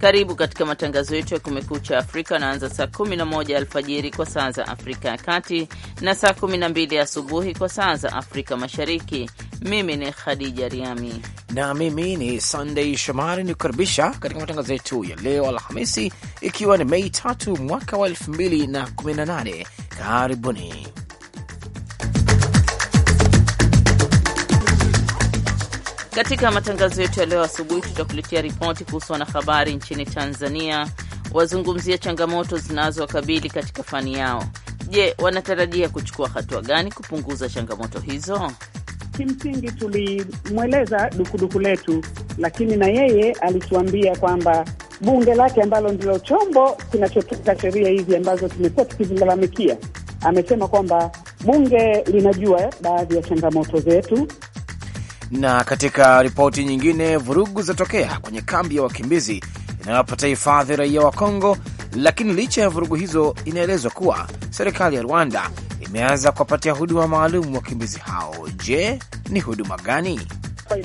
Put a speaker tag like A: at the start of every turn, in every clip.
A: Karibu katika matangazo yetu ya Kumekucha Afrika anaanza saa 11 alfajiri kwa saa za Afrika ya Kati na saa 12 asubuhi kwa saa za Afrika Mashariki. Mimi ni Khadija Riami
B: na mimi ni Sandei Shomari, ni kukaribisha katika matangazo yetu ya leo Alhamisi, ikiwa ni Mei 3 mwaka wa 2018.
A: Karibuni. Katika matangazo yetu ya leo asubuhi, tutakuletea ripoti kuhusu wanahabari nchini Tanzania wazungumzia changamoto zinazowakabili katika fani yao. Je, wanatarajia kuchukua hatua gani kupunguza changamoto hizo?
C: Kimsingi tulimweleza dukuduku letu, lakini na yeye alituambia kwamba bunge lake ambalo ndilo chombo kinachotunga sheria hizi ambazo tumekuwa tukizilalamikia, amesema kwamba bunge linajua baadhi ya changamoto zetu
B: na katika ripoti nyingine, vurugu zatokea kwenye kambi ya wakimbizi inayopata hifadhi raia wa Kongo, lakini licha ya vurugu hizo, inaelezwa kuwa serikali ya Rwanda imeanza kuwapatia huduma maalum wakimbizi hao. Je, ni huduma gani?
D: hapa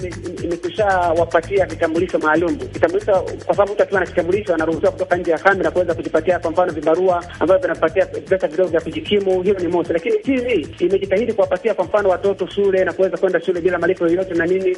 D: imekwisha wapatia vitambulisho maalum. Vitambulisho kwa sababu mtu akiwa na kitambulisho anaruhusiwa kutoka nje ya kambi na kuweza kujipatia kwa mfano vibarua ambavyo vinapatia pesa vidogo vya kujikimu, hiyo ni mosi. Lakini hii imejitahidi kuwapatia kwa mfano watoto shule na kuweza kwenda shule bila malipo yoyote na nini.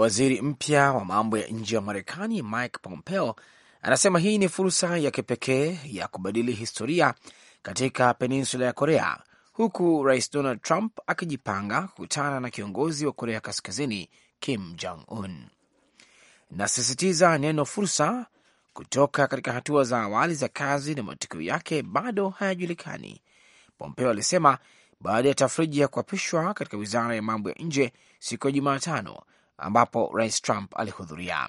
B: Waziri mpya wa mambo ya nje wa Marekani Mike Pompeo anasema hii ni fursa ya kipekee ya kubadili historia katika peninsula ya Korea, huku Rais Donald Trump akijipanga kukutana na kiongozi wa Korea Kaskazini Kim Jong Un. Nasisitiza neno fursa kutoka katika hatua za awali za kazi na matukio yake bado hayajulikani, Pompeo alisema baada ya tafriji ya kuapishwa katika wizara ya mambo ya nje siku ya Jumatano ambapo rais Trump alihudhuria.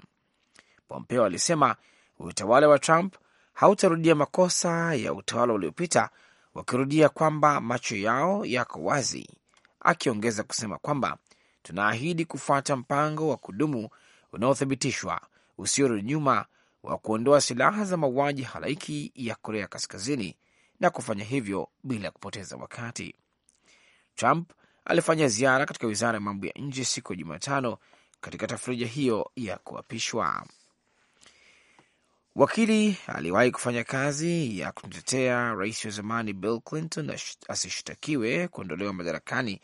B: Pompeo alisema utawala wa Trump hautarudia makosa ya utawala uliopita, wakirudia kwamba macho yao yako wazi, akiongeza kusema kwamba tunaahidi kufuata mpango wa kudumu unaothibitishwa usiorudi nyuma wa kuondoa silaha za mauaji halaiki ya Korea Kaskazini na kufanya hivyo bila kupoteza wakati. Trump alifanya ziara katika wizara ya mambo ya nje siku ya Jumatano katika tafrija hiyo ya kuapishwa. Wakili aliwahi kufanya kazi ya kumtetea rais wa zamani Bill Clinton asishtakiwe kuondolewa madarakani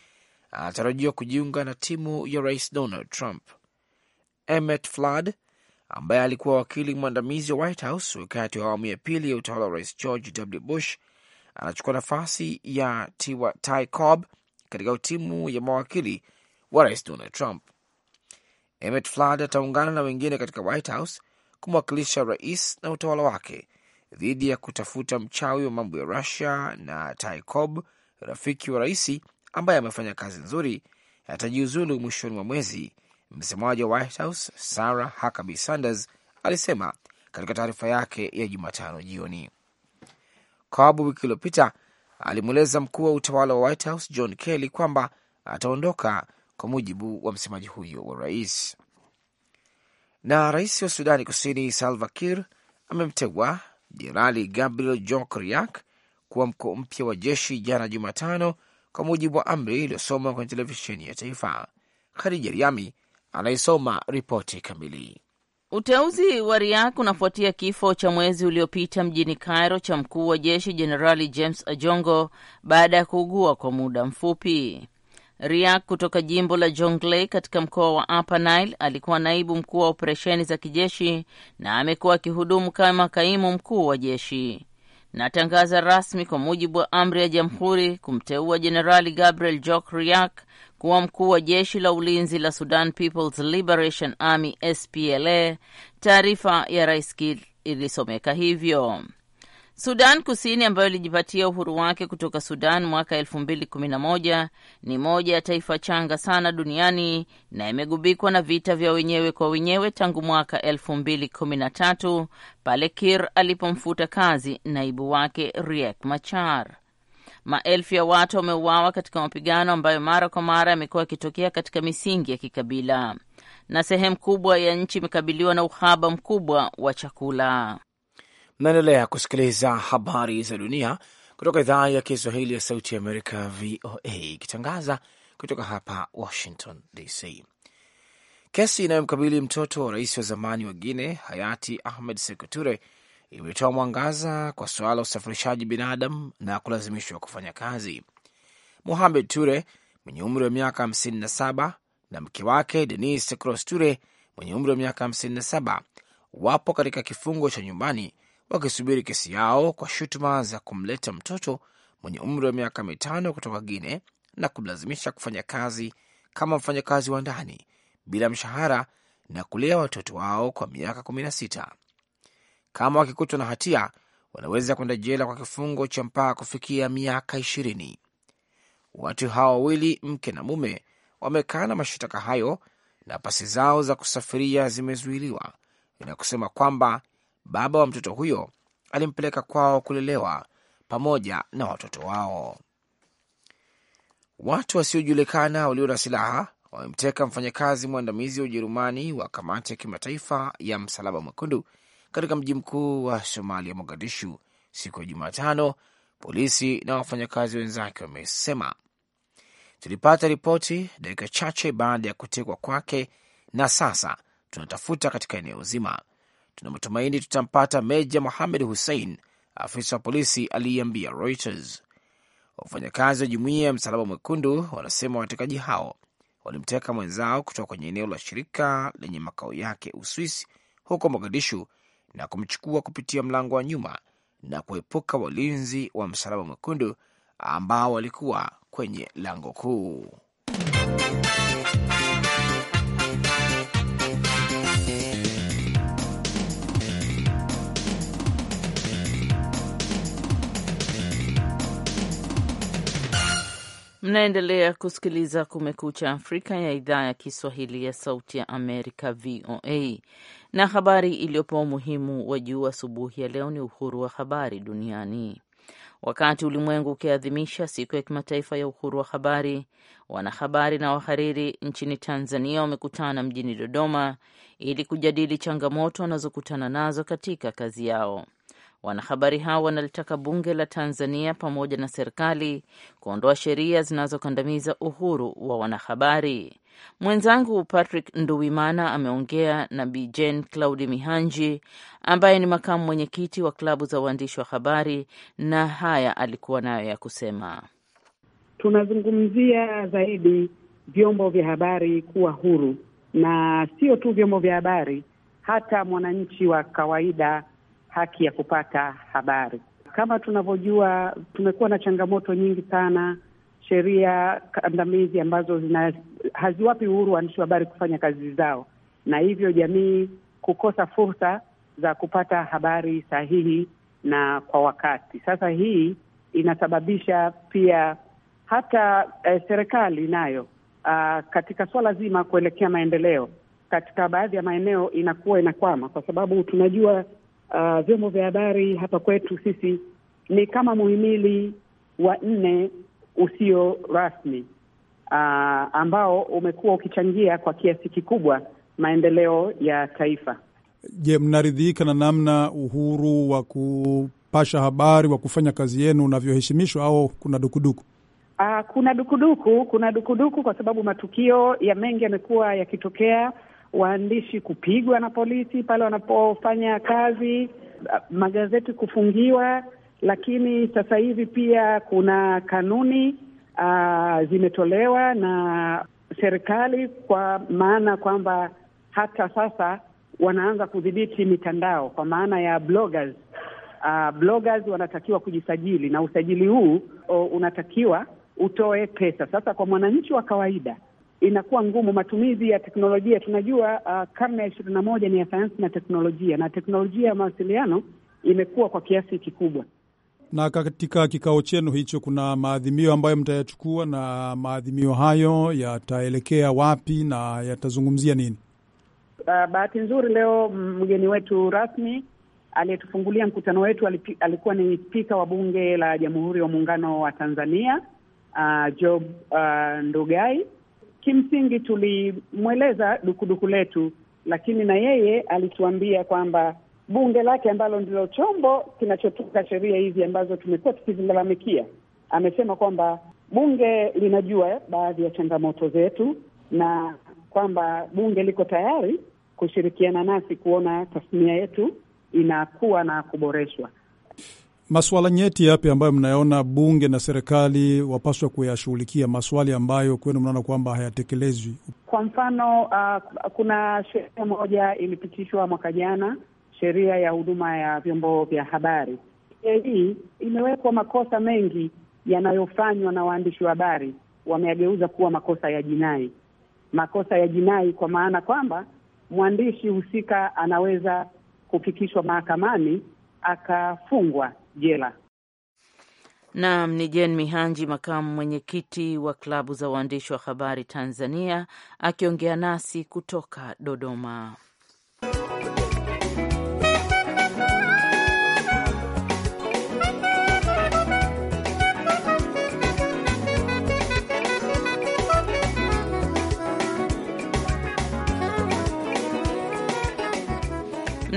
B: anatarajiwa kujiunga na timu ya rais Donald Trump. Emmett Flood ambaye alikuwa wakili mwandamizi wa White House wakati wa awamu ya pili ya utawala wa rais George W. Bush anachukua nafasi ya Ty Cobb katika timu ya mawakili wa rais Donald Trump. Emmett Flood ataungana na wengine katika White House kumwakilisha rais na utawala wake dhidi ya kutafuta mchawi wa mambo ya Rusia na Ty Cobb, rafiki wa raisi ambaye amefanya kazi nzuri, atajiuzulu mwishoni mwa mwezi. Msemaji wa White House Sarah Huckabee Sanders alisema katika taarifa yake ya Jumatano jioni. Cobb wiki iliyopita alimweleza mkuu wa utawala wa White House John Kelly kwamba ataondoka kwa mujibu wa msemaji huyo wa rais. Na rais wa Sudani Kusini Salva Kiir Jenerali Gabriel jok Riak kuwa mkuu mpya wa jeshi jana Jumatano, kwa mujibu wa amri iliyosoma kwenye televisheni ya taifa. Khadija Riami anayesoma ripoti kamili.
A: Uteuzi wa Riak unafuatia kifo cha mwezi uliopita mjini Cairo cha mkuu wa jeshi Jenerali James Ajongo baada ya kuugua kwa muda mfupi. Riak kutoka jimbo la Jonglei katika mkoa wa Upper Nile alikuwa naibu mkuu wa operesheni za kijeshi na amekuwa akihudumu kama kaimu mkuu wa jeshi. Natangaza rasmi kwa mujibu wa amri ya jamhuri kumteua Jenerali Gabriel Jok Riak kuwa mkuu wa jeshi la ulinzi la Sudan People's Liberation Army SPLA. Taarifa ya rais ilisomeka hivyo. Sudan Kusini ambayo ilijipatia uhuru wake kutoka Sudan mwaka elfu mbili kumi na moja ni moja ya taifa changa sana duniani na imegubikwa na vita vya wenyewe kwa wenyewe tangu mwaka elfu mbili kumi na tatu pale Kir alipomfuta kazi naibu wake Riek Machar. Maelfu ya watu wameuawa katika mapigano ambayo mara kwa mara yamekuwa yakitokea katika misingi ya kikabila, na sehemu kubwa ya nchi imekabiliwa na uhaba mkubwa wa chakula
B: naendelea kusikiliza habari za dunia kutoka idhaa ya Kiswahili ya Sauti ya Amerika, VOA, ikitangaza kutoka hapa Washington DC. Kesi inayomkabili mtoto wa rais wa zamani wa Guine hayati Ahmed Sekuture imetoa mwangaza kwa suala la usafirishaji binadamu na kulazimishwa kufanya kazi. muhamed Ture mwenye umri wa miaka 57 na mke wake Denis Sekros Ture mwenye umri wa miaka 57 wapo katika kifungo cha nyumbani wakisubiri kesi yao kwa shutuma za kumleta mtoto mwenye umri wa miaka mitano kutoka Guine na kumlazimisha kufanya kazi kama mfanyakazi wa ndani bila mshahara na kulea watoto wao kwa miaka kumi na sita. Kama wakikutwa na hatia, wanaweza kwenda jela kwa kifungo cha mpaka kufikia miaka ishirini. Watu hawa wawili, mke na mume, wamekana mashitaka hayo na pasi zao za kusafiria zimezuiliwa na kusema kwamba baba wa mtoto huyo alimpeleka kwao kulelewa pamoja na watoto wao. Watu wasiojulikana walio na silaha wamemteka mfanyakazi mwandamizi wa Ujerumani wa kamati ya kimataifa ya Msalaba Mwekundu katika mji mkuu wa Somalia, Mogadishu, siku ya Jumatano, polisi na wafanyakazi wenzake wamesema. Tulipata ripoti dakika chache baada ya kutekwa kwake, na sasa tunatafuta katika eneo zima, Tuna matumaini tutampata Meja Mohamed Hussein, afisa wa polisi aliyeambia Reuters. Wafanyakazi wa Jumuiya ya Msalaba Mwekundu wanasema watekaji hao walimteka mwenzao kutoka kwenye eneo la shirika lenye makao yake Uswisi huko Mogadishu na kumchukua kupitia mlango wa nyuma na kuepuka walinzi wa Msalaba Mwekundu ambao walikuwa kwenye lango kuu.
A: Mnaendelea kusikiliza Kumekucha Afrika ya idhaa ya Kiswahili ya Sauti ya Amerika, VOA, na habari iliyopewa umuhimu wa juu asubuhi ya leo ni uhuru wa habari duniani. Wakati ulimwengu ukiadhimisha siku ya kimataifa ya uhuru wa habari, wanahabari na wahariri nchini Tanzania wamekutana mjini Dodoma ili kujadili changamoto wanazokutana nazo katika kazi yao. Wanahabari hao wanalitaka bunge la Tanzania pamoja na serikali kuondoa sheria zinazokandamiza uhuru wa wanahabari. Mwenzangu Patrick Nduwimana ameongea na Bi Jane Claudi Mihanji ambaye ni makamu mwenyekiti wa klabu za waandishi wa habari, na haya alikuwa nayo ya kusema.
C: Tunazungumzia zaidi vyombo vya habari kuwa huru, na sio tu vyombo vya habari, hata mwananchi wa kawaida haki ya kupata habari. Kama tunavyojua, tumekuwa na changamoto nyingi sana, sheria kandamizi ambazo zina haziwapi uhuru waandishi wa habari kufanya kazi zao, na hivyo jamii kukosa fursa za kupata habari sahihi na kwa wakati. Sasa hii inasababisha pia hata eh, serikali nayo ah, katika swala zima kuelekea maendeleo katika baadhi ya maeneo inakuwa inakwama, kwa sababu tunajua uh, vyombo vya habari hapa kwetu sisi ni kama muhimili wa nne usio rasmi uh, ambao umekuwa ukichangia kwa kiasi kikubwa maendeleo ya taifa.
D: Je, mnaridhika na namna uhuru wa kupasha habari wa kufanya kazi yenu unavyoheshimishwa au kuna dukuduku?
C: Uh, kuna dukuduku, kuna dukuduku kwa sababu matukio ya mengi yamekuwa yakitokea waandishi kupigwa na polisi pale wanapofanya kazi, magazeti kufungiwa. Lakini sasa hivi pia kuna kanuni uh, zimetolewa na serikali kwa maana kwamba hata sasa wanaanza kudhibiti mitandao kwa maana ya bloggers. Uh, bloggers wanatakiwa kujisajili na usajili huu oh, unatakiwa utoe pesa. Sasa kwa mwananchi wa kawaida inakuwa ngumu. Matumizi ya teknolojia, tunajua uh, karne ya ishirini na moja ni ya sayansi na teknolojia, na teknolojia ya mawasiliano imekuwa kwa kiasi kikubwa.
D: Na katika kikao chenu hicho, kuna maadhimio ambayo mtayachukua, na maadhimio hayo yataelekea wapi na yatazungumzia nini?
C: Uh, bahati nzuri leo mgeni wetu rasmi aliyetufungulia mkutano wetu alikuwa ni Spika wa Bunge la Jamhuri ya Muungano wa Tanzania, uh, Job uh, Ndugai kimsingi tulimweleza dukuduku letu, lakini na yeye alituambia kwamba bunge lake ambalo ndilo chombo kinachotunga sheria hizi ambazo tumekuwa tukizilalamikia, amesema kwamba bunge linajua baadhi ya changamoto zetu na kwamba bunge liko tayari kushirikiana nasi kuona tasnia yetu inakuwa na kuboreshwa
D: maswala nyeti yapi ambayo mnayaona bunge na serikali wapaswa kuyashughulikia, maswali ambayo kwenu mnaona kwamba hayatekelezwi?
C: Kwa mfano uh, kuna sheria moja ilipitishwa mwaka jana, sheria ya huduma ya vyombo vya habari. Sheria hii imewekwa makosa mengi yanayofanywa na waandishi wa habari, wameyageuza kuwa makosa ya jinai. Makosa ya jinai kwa maana kwamba mwandishi husika anaweza kufikishwa mahakamani akafungwa jela.
A: Naam, ni Jen Mihanji, makamu mwenyekiti wa klabu za waandishi wa habari Tanzania, akiongea nasi kutoka Dodoma.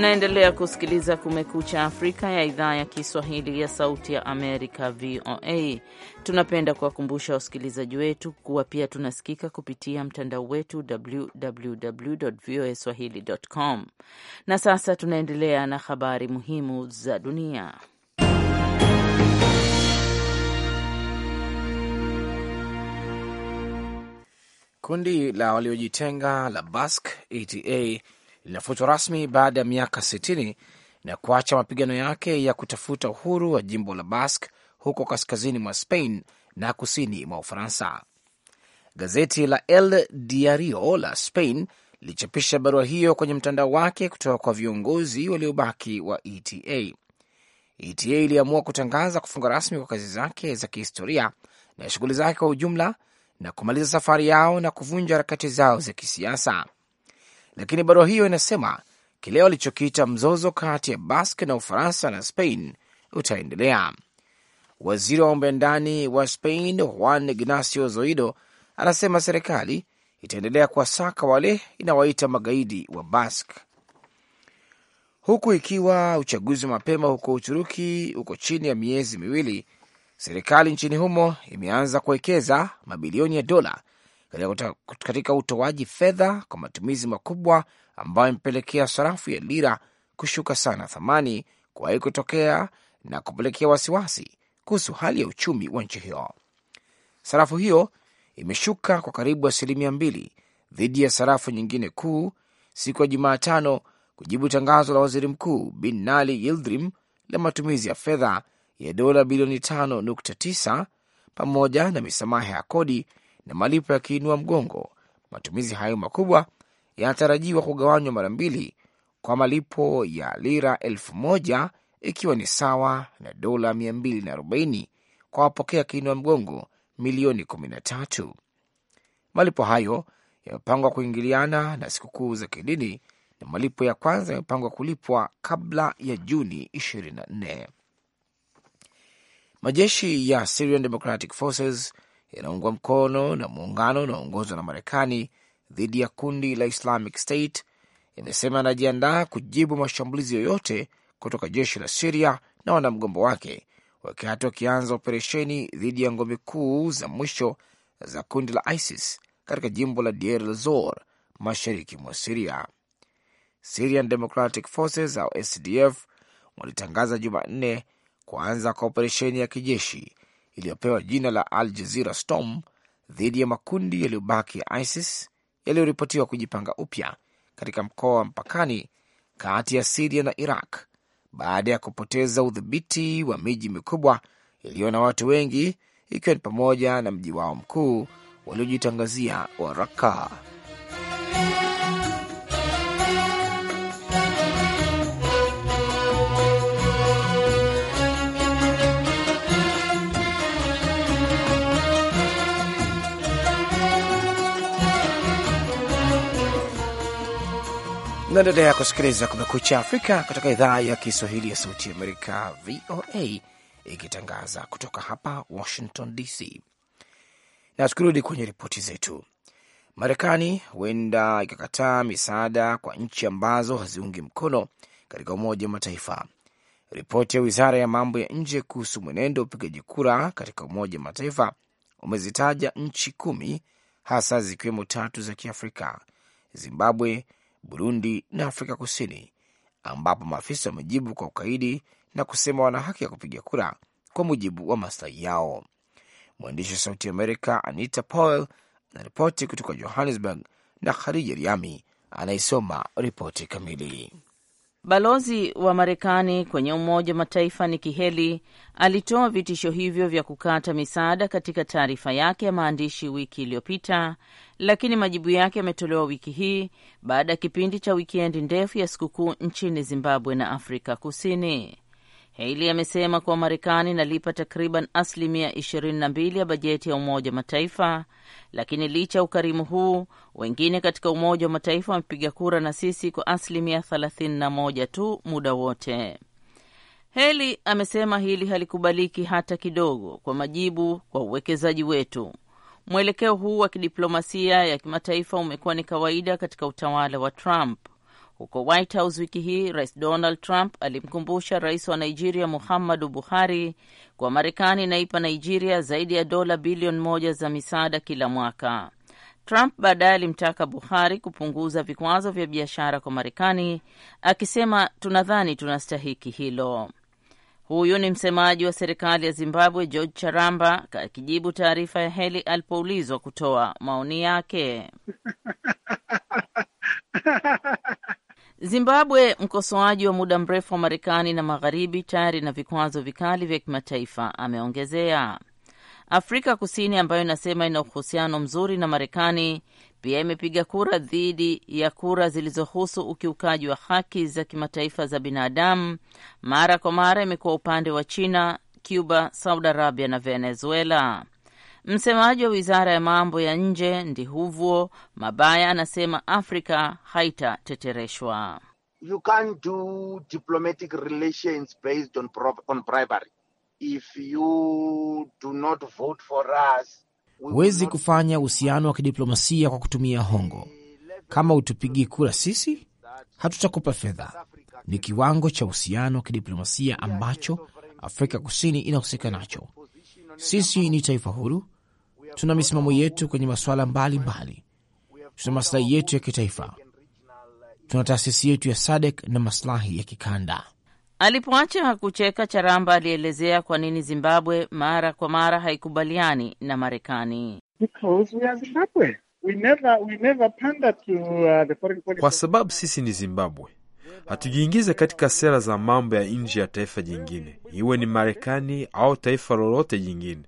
A: Mnaendelea kusikiliza Kumekucha Afrika ya idhaa ya Kiswahili ya Sauti ya Amerika, VOA. Tunapenda kuwakumbusha wasikilizaji wetu kuwa pia tunasikika kupitia mtandao wetu www voa swahili com. Na sasa tunaendelea na habari muhimu za dunia.
B: Kundi la waliojitenga la Bask ata linafutwa rasmi baada ya miaka 60 na kuacha mapigano yake ya kutafuta uhuru wa jimbo la Basque huko kaskazini mwa Spain na kusini mwa Ufaransa. Gazeti la El Diario la Spain lilichapisha barua hiyo kwenye mtandao wake kutoka kwa viongozi waliobaki wa ETA. ETA iliamua kutangaza kufunga rasmi kwa kazi zake za kihistoria na shughuli zake kwa ujumla na kumaliza safari yao na kuvunja harakati zao za kisiasa lakini barua hiyo inasema kile walichokiita mzozo kati ya Basque na Ufaransa na Spain utaendelea. Waziri wa mambo ya ndani wa Spain Juan Ignacio Zoido anasema serikali itaendelea kuwasaka wale inawaita magaidi wa Basque, huku ikiwa uchaguzi wa mapema huko Uturuki uko chini ya miezi miwili. Serikali nchini humo imeanza kuwekeza mabilioni ya dola katika utoaji fedha kwa matumizi makubwa ambayo imepelekea sarafu ya lira kushuka sana thamani kuwahi kutokea na kupelekea wasiwasi kuhusu hali ya uchumi wa nchi hiyo. Sarafu hiyo imeshuka kwa karibu asilimia mbili dhidi ya sarafu nyingine kuu siku ya Jumatano kujibu tangazo la waziri mkuu binali Nali Yildirim la matumizi ya fedha ya dola bilioni 5.9 pamoja na misamaha ya kodi na malipo yakiinua mgongo, matumizi hayo makubwa yanatarajiwa kugawanywa mara mbili kwa malipo ya lira elfu moja ikiwa ni sawa na dola na arobaini kwa wapokea kiinua mgongo milioni kumi na tatu Malipo hayo yamepangwa kuingiliana na sikukuu za kidini na malipo ya kwanza yamepangwa kulipwa kabla ya Juni 24. Majeshi ya Syrian Democratic Forces inaungwa mkono na muungano unaoongozwa na Marekani dhidi ya kundi la Islamic State imesema anajiandaa kujibu mashambulizi yoyote kutoka jeshi la Siria na wanamgambo wake, wakati wakianza operesheni dhidi ya ngome kuu za mwisho za kundi la ISIS katika jimbo la Deir el-Zor mashariki mwa Siria. Syrian Democratic Forces au SDF walitangaza Jumanne kuanza kwa operesheni ya kijeshi iliyopewa jina la Al Jazira Storm dhidi ya makundi yaliyobaki ya ISIS yaliyoripotiwa kujipanga upya katika mkoa wa mpakani kati ya Siria na Iraq baada ya kupoteza udhibiti wa miji mikubwa iliyo na watu wengi ikiwa ni pamoja na mji wao mkuu waliojitangazia wa Naendelea kusikiliza Kumekucha Afrika kutoka idhaa ya Kiswahili ya Sauti ya Amerika, VOA, ikitangaza kutoka hapa Washington DC. Na tukirudi kwenye ripoti zetu, Marekani huenda ikakataa misaada kwa nchi ambazo haziungi mkono katika Umoja wa Mataifa. Ripoti ya wizara ya mambo ya nje kuhusu mwenendo wa upigaji kura katika Umoja wa Mataifa umezitaja nchi kumi hasa zikiwemo tatu za Kiafrika: Zimbabwe, Burundi na Afrika Kusini, ambapo maafisa wamejibu kwa ukaidi na kusema wana haki ya kupiga kura kwa mujibu wa maslahi yao. Mwandishi wa Sauti Amerika Anita Powell anaripoti kutoka Johannesburg na Khadija Riami anayesoma ripoti kamili.
A: Balozi wa Marekani kwenye Umoja wa Mataifa Nikki Haley alitoa vitisho hivyo vya kukata misaada katika taarifa yake ya maandishi wiki iliyopita, lakini majibu yake yametolewa wiki hii baada ya kipindi cha wikendi ndefu ya sikukuu nchini Zimbabwe na Afrika Kusini. Haley amesema kuwa Marekani inalipa takriban asilimia 22 ya bajeti ya Umoja wa Mataifa, lakini licha ya ukarimu huu, wengine katika Umoja wa Mataifa wamepiga kura na sisi kwa asilimia 31 tu muda wote. Heli amesema hili halikubaliki hata kidogo, kwa majibu kwa uwekezaji wetu. Mwelekeo huu wa kidiplomasia ya kimataifa umekuwa ni kawaida katika utawala wa Trump. Huko White House wiki hii, Rais Donald Trump alimkumbusha rais wa Nigeria Muhammadu Buhari kwa Marekani inaipa Nigeria zaidi ya dola bilioni moja za misaada kila mwaka. Trump baadaye alimtaka Buhari kupunguza vikwazo vya biashara kwa Marekani, akisema tunadhani tunastahiki hilo. Huyu ni msemaji wa serikali ya Zimbabwe George Charamba akijibu taarifa ya Heli alipoulizwa kutoa maoni yake. Zimbabwe, mkosoaji wa muda mrefu wa Marekani na Magharibi, tayari na vikwazo vikali vya kimataifa, ameongezea. Afrika Kusini, ambayo inasema ina uhusiano mzuri na Marekani, pia imepiga kura dhidi ya kura zilizohusu ukiukaji wa haki za kimataifa za binadamu. Mara kwa mara imekuwa upande wa China, Cuba, Saudi Arabia na Venezuela. Msemaji wa wizara ya mambo ya nje Ndihuvuo Mabaya anasema Afrika haitatetereshwa.
D: You can't do diplomatic relations based on, on bribery. If you do
B: not vote for us, huwezi kufanya uhusiano wa kidiplomasia kwa kutumia hongo. Kama utupigi kura sisi, hatutakupa fedha. Ni kiwango cha uhusiano wa kidiplomasia ambacho Afrika Kusini inahusika nacho. Sisi ni taifa huru tuna misimamo yetu kwenye masuala mbalimbali, tuna masilahi yetu ya kitaifa, tuna taasisi yetu ya SADC na masilahi ya kikanda.
A: Alipoacha kucheka, Charamba alielezea kwa nini Zimbabwe mara kwa mara haikubaliani na Marekani.
E: Uh, kwa sababu sisi ni Zimbabwe, hatujiingize katika sera za mambo ya nje ya taifa jingine, iwe ni Marekani au taifa lolote jingine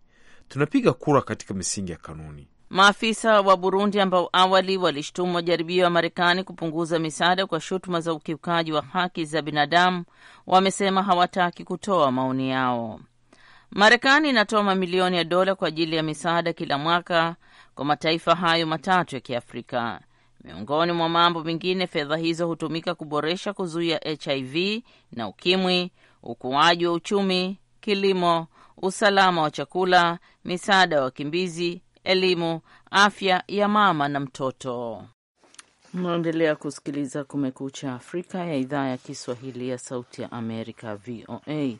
E: tunapiga kura katika misingi ya kanuni.
A: Maafisa wa Burundi ambao awali walishtumu majaribio ya Marekani kupunguza misaada kwa shutuma za ukiukaji wa haki za binadamu wamesema hawataki kutoa maoni yao. Marekani inatoa mamilioni ya dola kwa ajili ya misaada kila mwaka kwa mataifa hayo matatu ya Kiafrika. Miongoni mwa mambo mengine, fedha hizo hutumika kuboresha kuzuia HIV na UKIMWI, ukuaji wa uchumi, kilimo, usalama wa chakula, misaada ya wakimbizi, elimu, afya ya mama na mtoto. Mnaendelea kusikiliza Kumekucha Afrika ya idhaa ya Kiswahili ya Sauti ya Amerika, VOA.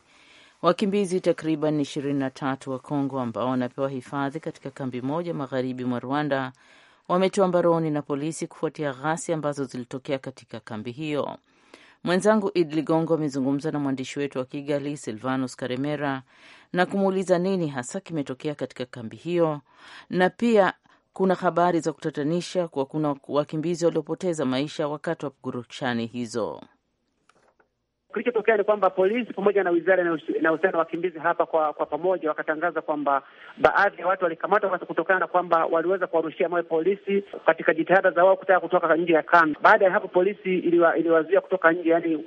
A: Wakimbizi takriban ishirini tatu wa Kongo ambao wanapewa hifadhi katika kambi moja magharibi mwa Rwanda wametiwa mbaroni na polisi kufuatia ghasia ambazo zilitokea katika kambi hiyo. Mwenzangu Id Ligongo amezungumza na mwandishi wetu wa Kigali, Silvanus Karemera, na kumuuliza nini hasa kimetokea katika kambi hiyo, na pia kuna habari za kutatanisha kuwa kuna wakimbizi waliopoteza maisha wakati wa purukushani hizo.
D: Kilichotokea ni kwamba polisi pamoja na wizara na uhusiano wa wakimbizi hapa kwa kwa pamoja wakatangaza kwamba baadhi ya watu walikamatwa kutokana na kwamba waliweza kuwarushia mawe polisi katika jitihada za wao kutaka kutoka nje ya kambi. Baada ya hapo, polisi iliwa, iliwazuia kutoka nje, yani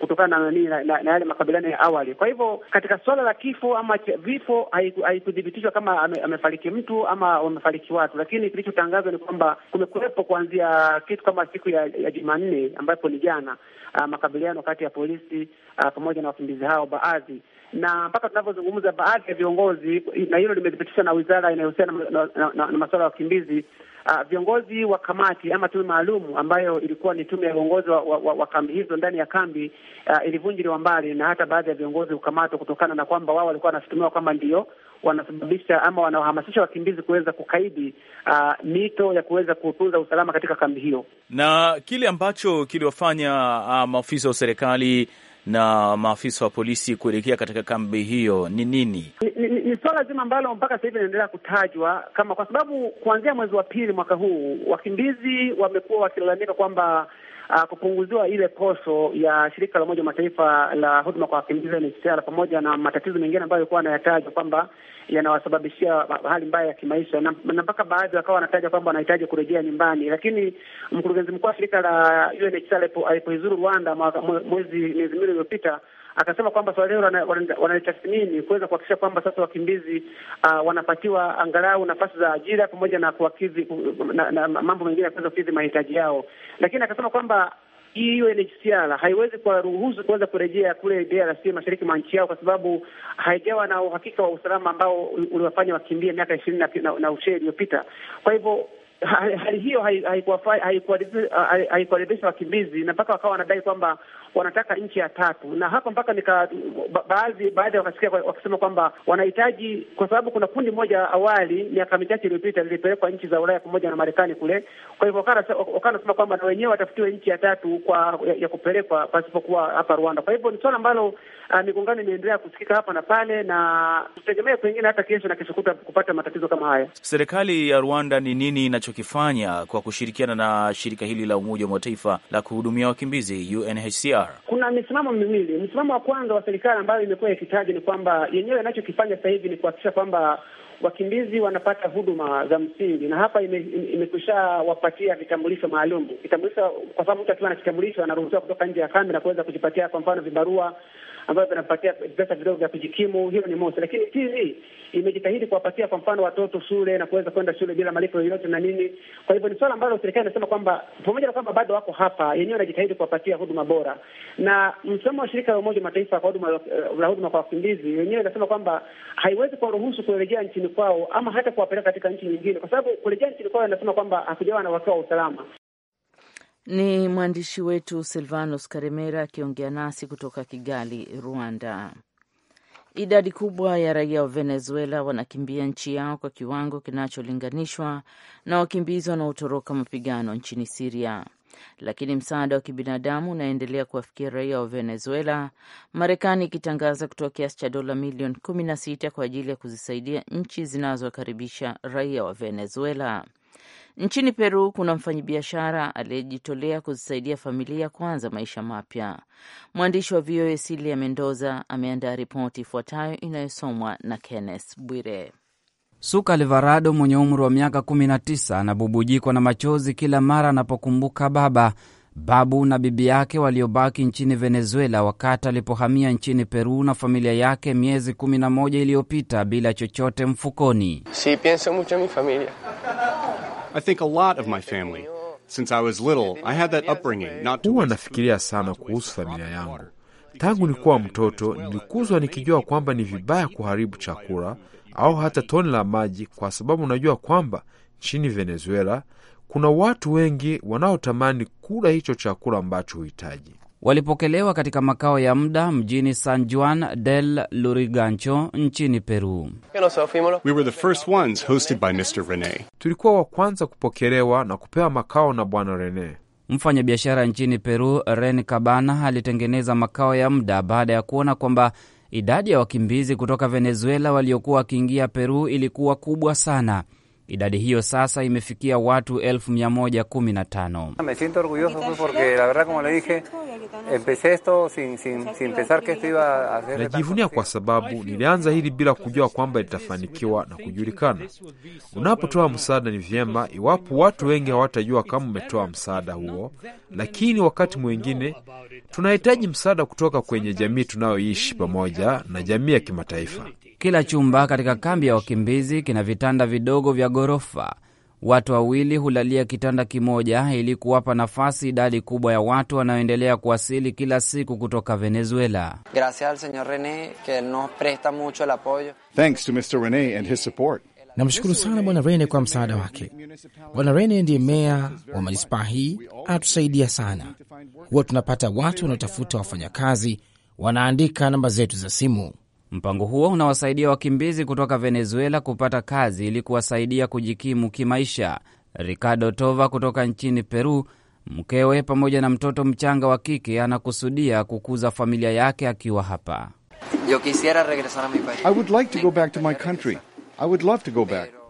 D: kutokana na nini na, na, na yale makabiliano ya awali. Kwa hivyo katika suala la kifo ama vifo haikuthibitishwa kama ame, amefariki mtu ama wamefariki watu, lakini kilichotangazwa ni kwamba kumekuwepo kuanzia kitu kama siku ya, ya Jumanne ambapo ni jana ah, makabiliano kati ya polisi polisi uh, pamoja na wakimbizi hao baadhi, na mpaka tunavyozungumza baadhi ya viongozi, na hilo limethibitishwa na wizara inayohusiana na, na, na, na, na masuala ya wakimbizi Uh, viongozi wa kamati ama tume maalum ambayo ilikuwa ni tume ya uongozi wa, wa, wa, wa kambi hizo ndani ya kambi uh, ilivunjiliwa mbali na hata baadhi ya viongozi hukamatwa kutokana na kwamba wao walikuwa wanashutumiwa kwamba ndio wanasababisha ama wanaohamasisha wakimbizi kuweza kukaidi uh, mito ya kuweza kutunza usalama katika kambi hiyo,
E: na kile ambacho kiliwafanya uh, maafisa wa serikali na maafisa wa polisi kuelekea katika kambi hiyo ni nini?
D: Ni, ni, ni swala zima ambalo mpaka sasa hivi inaendelea kutajwa kama, kwa sababu kuanzia mwezi wa pili mwaka huu wakimbizi wamekuwa wakilalamika kwamba uh, kupunguziwa ile poso ya shirika la Umoja Mataifa la huduma kwa wakimbizi UNHCR, pamoja na matatizo mengine ambayo alikuwa anayataja kwamba yanawasababishia hali mbaya ya kimaisha, na mpaka baadhi wakawa wanataja kwamba wanahitaji kurejea nyumbani. Lakini mkurugenzi mkuu wa shirika la UNHCR alipoizuru Rwanda mwezi miezi miwili iliyopita akasema kwamba swala hilo wanalitathmini kuweza kuhakikisha kwamba sasa wakimbizi uh, wanapatiwa angalau nafasi za ajira pamoja na kuwakidhi na, na mambo mengine ya kuweza kukidhi mahitaji yao, lakini akasema kwamba hiyo UNHCR haiwezi kuwaruhusu kuweza kurejea kule DRC mashariki mwa nchi yao, kwa sababu haijawa na uhakika wa usalama ambao uliwafanya wakimbie miaka ishirini na, na ushee iliyopita. Kwa hivyo hali hiyo haikuwaridhisha wakimbizi na mpaka wakawa wanadai kwamba wanataka nchi ya tatu, na hapa mpaka nika baadhi baadhi wakasikia wakisema kwamba wanahitaji, kwa sababu kuna kundi moja awali miaka michache iliyopita lilipelekwa nchi za Ulaya pamoja na Marekani kule. Kwa hivyo wakanasema kwamba na wenyewe watafutiwe nchi ya tatu kwa ya, ya kupelekwa pasipokuwa hapa Rwanda. Kwa hivyo ni swala ambalo uh, migongano imeendelea kusikika hapa na pale, na tutegemee pengine hata kesho na kesho kuta kupata matatizo kama haya.
E: Serikali ya Rwanda ni nini inachokifanya kwa kushirikiana na shirika hili la Umoja wa Mataifa la kuhudumia wakimbizi UNHCR? biashara.
D: kuna misimamo miwili. Msimamo wa kwanza wa serikali ambayo imekuwa ikitaja ni kwamba yenyewe inachokifanya sasa hivi ni kuhakikisha kwamba wakimbizi wanapata huduma za msingi, na hapa imekusha ime wapatia vitambulisho maalum, vitambulisho kwa sababu mtu akiwa na kitambulisho anaruhusiwa kutoka nje ya kambi na kuweza kujipatia kwa mfano vibarua ambayo vinapatia pesa vidogo vya kujikimu. Hiyo ni mosi, lakini TV imejitahidi kuwapatia kwa mfano watoto shule na kuweza kwenda shule bila malipo yoyote na nini. Kwa hivyo ni swala ambalo serikali inasema kwamba pamoja na kwamba bado wako hapa, yenyewe anajitahidi kuwapatia huduma bora, na msemo wa shirika la Umoja Mataifa kwa huduma la huduma kwa wakimbizi yenyewe inasema kwamba haiwezi kuwaruhusu kurejea nchini kwao ama hata kuwapeleka katika nchi nyingine, kwa sababu kurejea nchini kwao inasema kwamba hakujawa na wakiwa wa usalama.
A: Ni mwandishi wetu Silvanus Karemera akiongea nasi kutoka Kigali, Rwanda. Idadi kubwa ya raia wa Venezuela wanakimbia nchi yao kwa kiwango kinacholinganishwa na wakimbizi wanaotoroka mapigano nchini Siria, lakini msaada wa kibinadamu unaendelea kuwafikia raia wa Venezuela, Marekani ikitangaza kutoa kiasi cha dola milioni 16 kwa ajili ya kuzisaidia nchi zinazowakaribisha raia wa Venezuela. Nchini Peru kuna mfanyabiashara aliyejitolea kuzisaidia familia kuanza maisha mapya. Mwandishi wa VOA silia Mendoza ameandaa ripoti ifuatayo inayosomwa na Kenneth Bwire.
E: Suka Alvarado mwenye umri wa miaka 19 anabubujikwa na machozi kila mara anapokumbuka baba, babu na bibi yake waliobaki nchini Venezuela wakati alipohamia nchini Peru na familia yake miezi 11 iliyopita bila chochote mfukoni.
D: Si, pienso mucho mi familia I think a lot of my family. Since I was little, I had that upbringing
E: not to... Huwa nafikiria sana kuhusu familia yangu. Tangu nilikuwa mtoto, nilikuzwa nikijua kwamba ni vibaya kuharibu chakula au hata toni la maji, kwa sababu unajua kwamba nchini Venezuela kuna watu wengi wanaotamani kula hicho chakula ambacho huhitaji walipokelewa katika makao ya muda mjini San Juan del Lurigancho nchini Peru.
D: We were the first ones hosted by Mr. Rene.
E: Tulikuwa wa kwanza kupokelewa na kupewa makao na Bwana Rene. Mfanyabiashara nchini Peru Ren Cabana alitengeneza makao ya muda baada ya kuona kwamba idadi ya wakimbizi kutoka Venezuela waliokuwa wakiingia Peru ilikuwa kubwa sana. Idadi hiyo sasa imefikia watu 115 Najivunia kwa sababu nilianza hili bila kujua kwamba litafanikiwa na kujulikana. Unapotoa msaada, ni vyema iwapo watu wengi hawatajua kama umetoa msaada huo, lakini wakati mwingine tunahitaji msaada kutoka kwenye jamii tunayoishi pamoja na jamii ya kimataifa. Kila chumba katika kambi ya wakimbizi kina vitanda vidogo vya ghorofa. Watu wawili hulalia kitanda kimoja ili kuwapa nafasi idadi kubwa ya watu wanaoendelea kuwasili kila siku kutoka Venezuela.
B: Namshukuru sana Bwana Rene kwa msaada wake. Bwana Rene ndiye meya wa manispaa hii, anatusaidia sana. Huwa tunapata watu wanaotafuta wafanyakazi, wanaandika namba zetu za simu. Mpango huo unawasaidia
E: wakimbizi kutoka Venezuela kupata kazi ili kuwasaidia kujikimu kimaisha. Ricardo Tova kutoka nchini Peru, mkewe pamoja na mtoto mchanga wa kike, anakusudia kukuza familia yake akiwa hapa.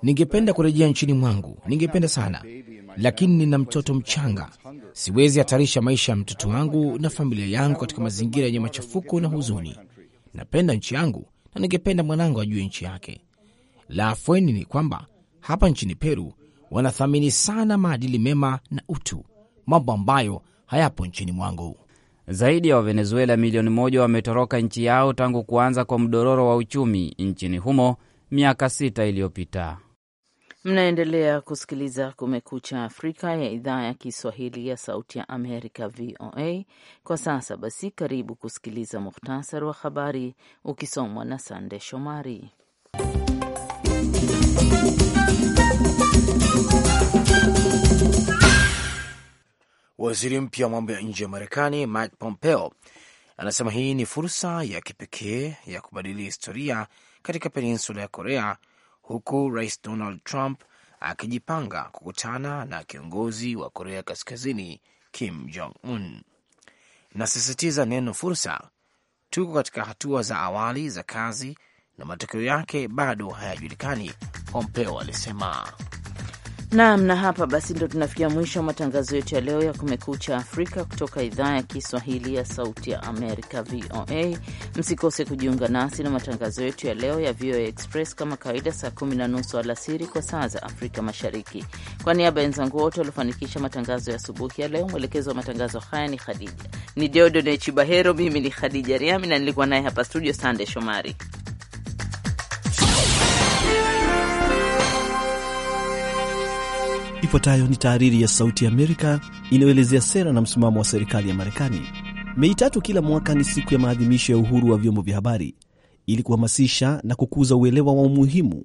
B: Ningependa kurejea nchini mwangu, ningependa sana, lakini nina mtoto mchanga. Siwezi hatarisha maisha ya mtoto wangu na familia yangu katika mazingira yenye machafuko na huzuni. Napenda nchi yangu na ningependa mwanangu ajue nchi yake. La afweni ni kwamba hapa nchini Peru wanathamini sana maadili mema na utu, mambo ambayo hayapo nchini mwangu. Zaidi ya Wavenezuela milioni moja
E: wametoroka nchi yao tangu kuanza kwa mdororo wa uchumi nchini humo miaka sita iliyopita.
A: Mnaendelea kusikiliza Kumekucha Afrika ya idhaa ya Kiswahili ya Sauti ya Amerika, VOA. Kwa sasa basi, karibu kusikiliza muhtasari wa habari ukisomwa na Sande Shomari.
B: Waziri mpya wa mambo ya nje ya Marekani Mike Pompeo anasema hii ni fursa ya kipekee ya kubadili historia katika peninsula ya Korea huku Rais Donald Trump akijipanga kukutana na kiongozi wa Korea Kaskazini Kim Jong Un. Nasisitiza neno fursa, tuko katika hatua za awali za kazi na matokeo yake bado hayajulikani, Pompeo alisema.
A: Naam, na hapa basi ndo tunafikia mwisho wa matangazo yetu ya leo ya Kumekucha Afrika kutoka idhaa ya Kiswahili ya Sauti ya Amerika, VOA. Msikose kujiunga nasi na matangazo yetu ya leo ya VOA Express kama kawaida, saa kumi na nusu alasiri kwa saa za Afrika Mashariki. Kwa niaba ya wenzangu wote waliofanikisha matangazo ya asubuhi ya leo, mwelekezo wa matangazo haya ni Khadija ni deodonechi bahero mimi ni Khadija Riami na nilikuwa naye hapa studio Sande Shomari.
F: Ifuatayo ni tahariri ya Sauti Amerika inayoelezea sera na msimamo wa serikali ya Marekani. Mei tatu kila mwaka ni siku ya maadhimisho ya uhuru wa vyombo vya habari ili kuhamasisha na kukuza uelewa wa umuhimu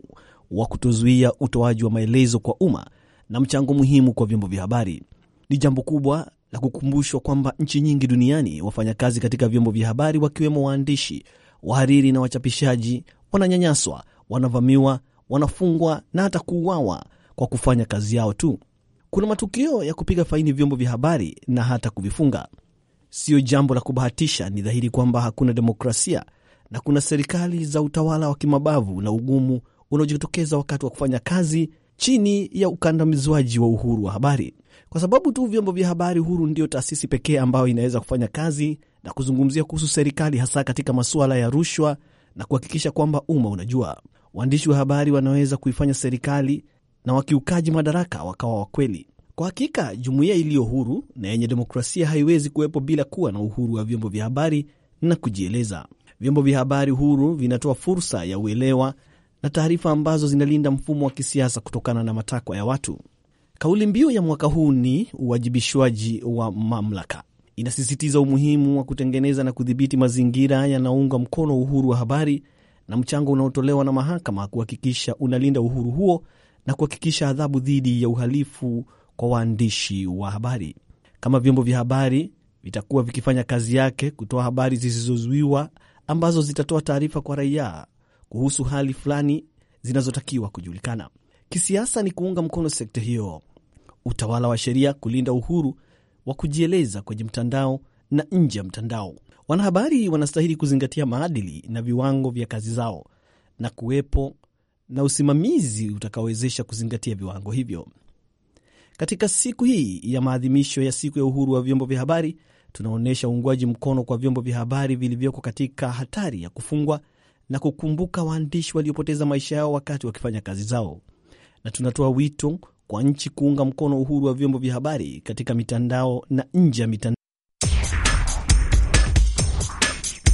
F: wa kutozuia utoaji wa maelezo kwa umma na mchango muhimu kwa vyombo vya habari. Ni jambo kubwa la kukumbushwa kwamba nchi nyingi duniani wafanyakazi katika vyombo vya habari wakiwemo waandishi, wahariri na wachapishaji wananyanyaswa, wanavamiwa, wanafungwa na hata kuuawa kwa kufanya kazi yao tu. Kuna matukio ya kupiga faini vyombo vya habari na hata kuvifunga. Sio jambo la kubahatisha. Ni dhahiri kwamba hakuna demokrasia na kuna serikali za utawala wa kimabavu na ugumu unaojitokeza wakati wa kufanya kazi chini ya ukandamizwaji wa uhuru wa habari, kwa sababu tu vyombo vya habari huru ndiyo taasisi pekee ambayo inaweza kufanya kazi na kuzungumzia kuhusu serikali, hasa katika masuala ya rushwa na kuhakikisha kwamba umma unajua. Waandishi wa habari wanaweza kuifanya serikali na wakiukaji madaraka wakawa wakweli Kwa hakika, jumuiya iliyo huru na yenye demokrasia haiwezi kuwepo bila kuwa na uhuru wa vyombo vya habari na kujieleza. Vyombo vya habari huru vinatoa fursa ya uelewa na taarifa ambazo zinalinda mfumo wa kisiasa kutokana na matakwa ya watu. Kauli mbiu ya mwaka huu ni uwajibishwaji wa mamlaka. Inasisitiza umuhimu wa kutengeneza na kudhibiti mazingira yanaunga mkono uhuru wa habari na mchango unaotolewa na mahakama kuhakikisha unalinda uhuru huo na kuhakikisha adhabu dhidi ya uhalifu kwa waandishi wa habari. Kama vyombo vya habari vitakuwa vikifanya kazi yake kutoa habari zisizozuiwa ambazo zitatoa taarifa kwa raia kuhusu hali fulani zinazotakiwa kujulikana. Kisiasa ni kuunga mkono sekta hiyo, utawala wa sheria, kulinda uhuru wa kujieleza kwenye mtandao na nje ya mtandao. Wanahabari wanastahili kuzingatia maadili na viwango vya kazi zao na kuwepo na usimamizi utakaowezesha kuzingatia viwango hivyo. Katika siku hii ya maadhimisho ya siku ya uhuru wa vyombo vya habari, tunaonyesha uungwaji mkono kwa vyombo vya habari vilivyoko katika hatari ya kufungwa na kukumbuka waandishi waliopoteza maisha yao wakati wakifanya kazi zao, na tunatoa wito kwa nchi kuunga mkono uhuru wa vyombo vya habari katika mitandao na nje ya mitandao